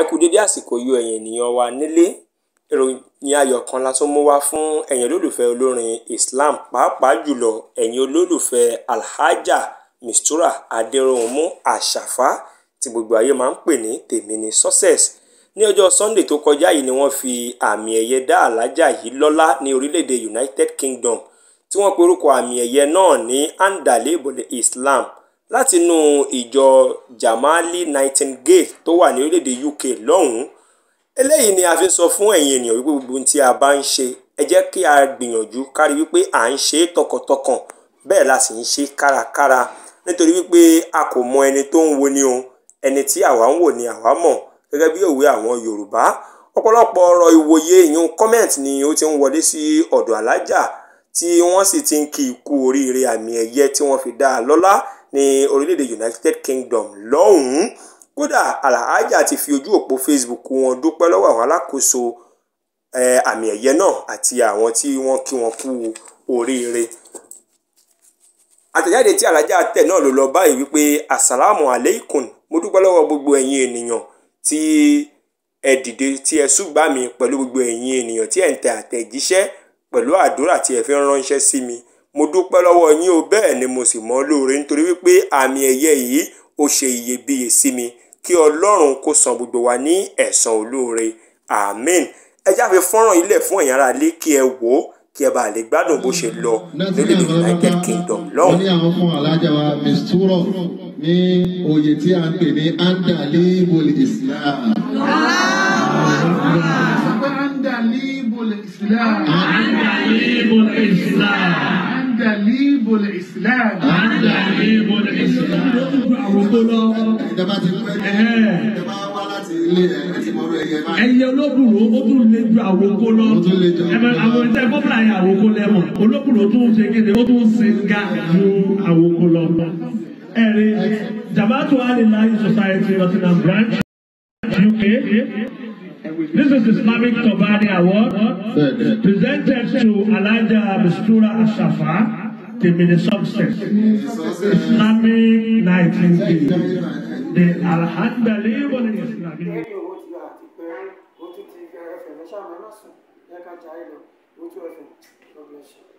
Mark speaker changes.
Speaker 1: ẹ kú dédé àsìkò yìí ẹ̀yin ènìyàn wa nílé ìròyìn ayọ̀ kan la tún mú wá fún ẹ̀yin olólùfẹ́ olórin Islam pàápàá jùlọ ẹ̀yin olólùfẹ́ Alhaja Mistura Adéròunmú Àṣàfá tí gbogbo ayé máa ń pè ní tèmi ní success ní ọjọ́ Sunday tó kọjá yìí ni wọ́n fi àmì ẹ̀yẹ dá Alhaja yìí lọ́lá ní orílẹ̀-èdè United Kingdom tí wọ́n pe orúkọ àmì ẹ̀yẹ náà ní andalebole Islam látinú ìjọ Jamali Nightingale tó wà ní orílẹ̀-èdè UK lọ́hùn-ún eléyìí ni a fi ń sọ fún ẹ̀yin ènìyàn wípé gbogbo ohun tí a bá ń ṣe ẹ jẹ́ kí a gbìyànjú kárí wípé à ń ṣe é tọkàntọkàn bẹ́ẹ̀ la sì ń ṣe kárakára nítorí wípé a kò mọ ẹni tó ń wo ni o ẹni tí àwa ń wò ni àwa mọ̀ gẹ́gẹ́ bí òwe àwọn Yorùbá ọ̀pọ̀lọpọ̀ ọ̀rọ̀ ìwòye ìyún comment ni ó ti ń wọlé sí ọ̀dọ̀ alájà tí wọ́n sì ti ń kí ikú oríire àmì ẹ̀yẹ tí wọ́n fi dá a lọ́lá ní orílẹ̀-èdè United Kingdom lọ́hùn-ún kódà Alhaja ti fi ojú òpó Facebook wọn dúpẹ́ lọ́wọ́ àwọn alákòóso àmì ẹ̀yẹ náà àti àwọn tí wọ́n kí wọn kú oríire àtẹ̀jáde tí Alhaja tẹ̀ náà ló lọ báyìí wípé asalaamu aleykum mo dúpẹ́ lọ́wọ́ gbogbo ẹ̀yin ènìyàn tí ẹ dìde tí ẹ súgbà mi pẹ̀lú gbogbo ẹ̀yin ènìyàn tí ẹ ń tẹ àtẹ̀jíṣẹ́ pẹ̀lú àdúrà tí ẹ fi ń ránṣẹ́ sí mi mo dúpẹ́ lọ́wọ́ yín o bẹ́ẹ̀ ni mo sì mọ́ lóore nítorí wípé àmì ẹ̀yẹ yìí ó ṣe iyebíye sí mi kí ọlọ́run kó san gbogbo wa ní ẹ̀san olóore amen ẹ jáfe fọ́nrán ilẹ̀ fún ẹ̀yin ará ilé kí ẹ wò ó kí ẹ bá lè gbádùn bó ṣe lọ lórílẹ̀ United Kingdom lọ́hùn.
Speaker 2: ní oyè tí a ń pè ní andalibul Islam. andalibul Islam. andalibul Islam àdàlíbò islam. àdàlíbò islam. àròkó lọ. ìjọba ti pẹ́ ìjọba wá láti ilé ẹ̀ ti mọ̀rọ̀ ẹ̀yẹ báyìí. ẹyẹ olóbùrò ó tún lè ju àròkó lọ. ó tún lè jọ. àwọn ìṣe gómìnà yẹn àròkó lẹ́mọ̀ olóbùrò tún ṣe kéde ó tún ṣe ga ju àròkó lọ. ẹ̀rí Jama'atu Alillah Society Nottingham branch UK. This is Islamic Tobani Award presented to Elijah Mistura Ashafa, the Minister Islamic Nightingale, the Alhamdulillah Islamic.